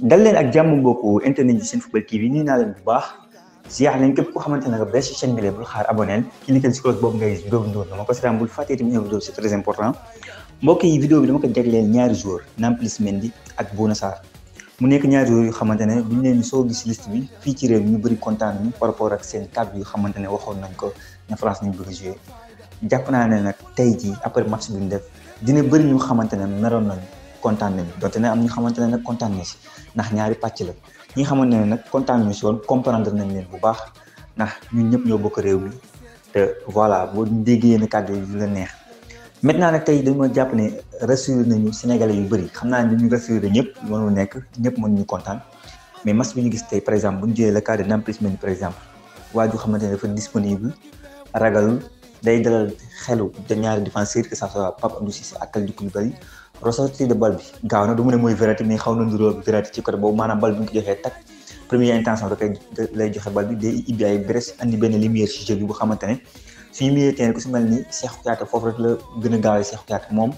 dal leen ak jàmm mbokku internet yi seen football TV nii naa leen bu baax ziar leen képp koo xamante ne nga bees ci chaîne bi bul xaar abonné cliquer ci cloche boobu ngay vidéo bi ndóor na ma ko seetaan bul fàttee tamit vidéo c'est très bi dama ko jagleel ak Bouna Sarr mu nekk ñaari joueurs yu xamante ne bu ñu leen soo gis liste bi fii ci réew mi ñu bëri kontaan nañu par rapport ak seen kàddu yu xamante ne waxoon nañ ko ne France nañ bëgg jouer jàpp naa ne nag tey jii après match bi ñu def dina bëri ñu xamante ne meroon nañu kontaan nañu donte ne am ñu xamante ne nag kontaan nañu si ndax ñaari pàcc la ñi nga xamante ne nag kontaan nañu si woon comprendre nañ leen bu baax ndax ñun ñëpp ñoo bokk réew mi te voilà boo déggee yenn kàddu yi du la neex maintenant nag tey dañoo jàpp ne rassuré nañu Sénégalais yu bëri xam naa ne dañu rassuré ñëpp mënul nekk ñëpp mënuñu kontaan mais match bi ñu gis tey par exemple bu ñu jëlee le cas de Nampalys Mendy par exemple waa ju xamante ne dafa disponible ragalul day dalal xelu de ñaari défenseur que ça soit Pape Abdou Cissé ak Kalidou Koulibaly ressortie de bal bi gaaw na du mu ne mooy Verratti mais xaw na nduróo Verratti ci côté boobu maanaam bal bi ñu ko joxee tak première intention a gaawee Cheikhou Kouyaté moom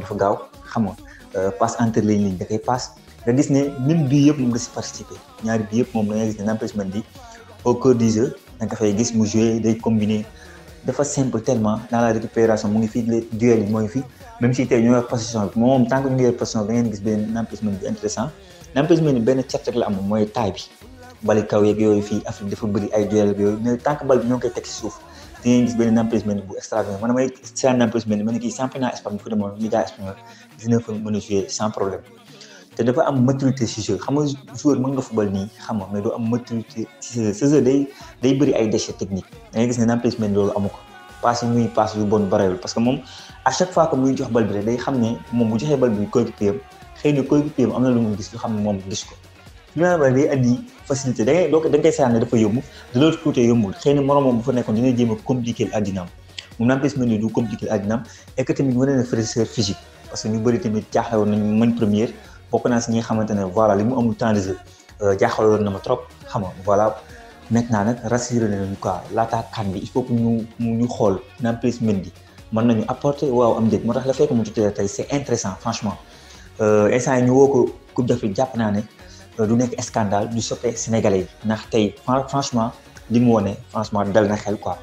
dafa gaaw xam nga euh, passe entre les lignes da koy passe nga gis ne même bii yëpp moom da participer ñaari bii yëpp moom da ngay gis ne Nampalys Mendy au cœur du jeu fay gis mu joué day combiner dafa simple tellement dans la récupération mu ngi fi duel yi mooy fi même si tey ñu yor position bi moom tant que position bi da ngeen gis benn Nampalys Mendy bu intéressant Nampalys Mendy benn cet rek la am mooy taay bi bali kaw yeeg yooyu fii bi ñoo ngi koy teg si suuf fu demoon Liga espagnole dina fa mën a te dafa am maturité ci jeu xam nga joueur mën nga football nii xam nga mais doo am maturité ci jeu sa jeu day day bëri ay déchets techniques da ngay gis ne Nampalys Mendy loolu amu ko passe yi muy passe yu bon barewul parce que moom à chaque fois que muy jox bal bi day xam ne moom bu joxee bal bi coéquipier am xëy na coéquipier am na lu mu gis lu xam ne moom gis ko dinaa bal day andi facilité da ngay donc da nga koy ne dafa yomb de l'autre côté yombul xëy na moroomam bu fa nekkoon dina jéem a compliquer àddinaam moom Nampalys Mendy du compliquer àddinaam et que tamit wane na fraîcheur physique parce que ñu bëri tamit caaxewoon nañ mën première bokk naa si ñi xamante ne voilà li mu amul temps de jeu euh, jaaxaloon na ma trop xam nga voilà maintenant nag rassuré nañu quoi laataa kan bi il faut que ñu ñu xool Nampalys Mendy mën nañu apporter waaw am déet moo tax la fekk mu tuddee tey c'est intéressant franchement euh, instant yi ñu woo ko Coupe d'Afrique jàpp naa ne euh, du nekk scandale du soppe Sénégalais yi ndax tey franchement li mu wone franchement dal na xel quoi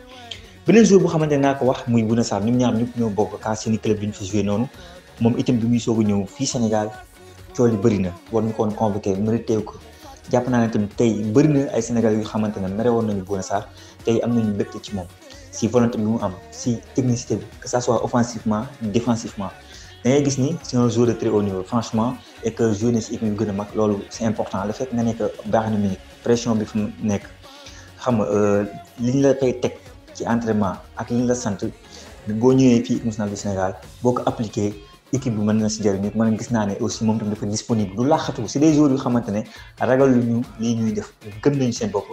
beneen jour bu xamante naa ko wax muy Bouna Sarr ñoom ñaar ñëpp ñoo bokk quand seeni club bi ñu fi joué noonu moom itam bi muy soog a ñëw fii Sénégal cool yi bëri na war ñu ko woon convoqué mérité ko jàpp naa ne tamit tey bëri na ay Sénégal yu xamante ne mere woon nañu Bouna Sarr tey am nañu mbégte ci moom si volonté bi mu am si technicité bi que ça soit offensivement défensivement da ngay gis ni c'est un joueur de très haut niveau franchement et que jouer na si équipe yu gën a mag loolu c'est important le fait nga nekk baax na minute pression bi fu mu nekk xam nga euh, li ñu la koy teg ci entraînement ak li ñu la sant boo ñëwee fii équipe du Sénégal boo ko appliqué équipe bi mën na si jëriñu man gis naa ne aussi moom tam dafa disponible du laaxatu si des jours yu xamante ne ragal ñu lii ñuy def gëm nañu seen bopp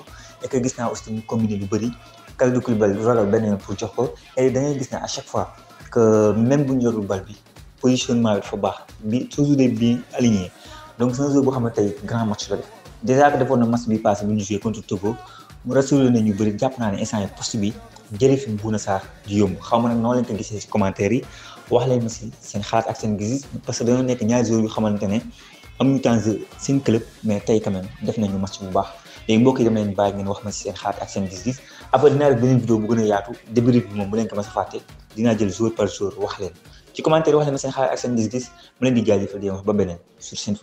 et que gis naa aussi tamit combiné lu bëri Kalidou Koulibaly ragal benn pour jox ko et da gis ne à chaque fois que même bu ñu yorul bal bi positionnement bi dafa baax bi toujours de bien aligné donc c'est un joueur boo xam ne tey grand match la def déjà que defoon na match bi passé bu ñu joué contre Togo mu bëri jàpp naa ne instant jëlee fi Bouna Sarr di yomb xaw ma nag noo leen ko gisee si commentaire yi wax leen ma si seen xalaat ak seen gis parce que dañoo nekk ñaari joueurs yu xamante ne am ñu temps seen club mais tey quand même def nañu match bu baax léegi mbokk yi leen bàyyi ngeen wax ma si seen xalaat ak seen gis-gis a yaatu leen ko mas a fàtte dinaa jël jour par ci commentaire wax leen ma seen xalaat ak seen gis-gis ma leen di jaajëfal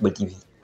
ba TV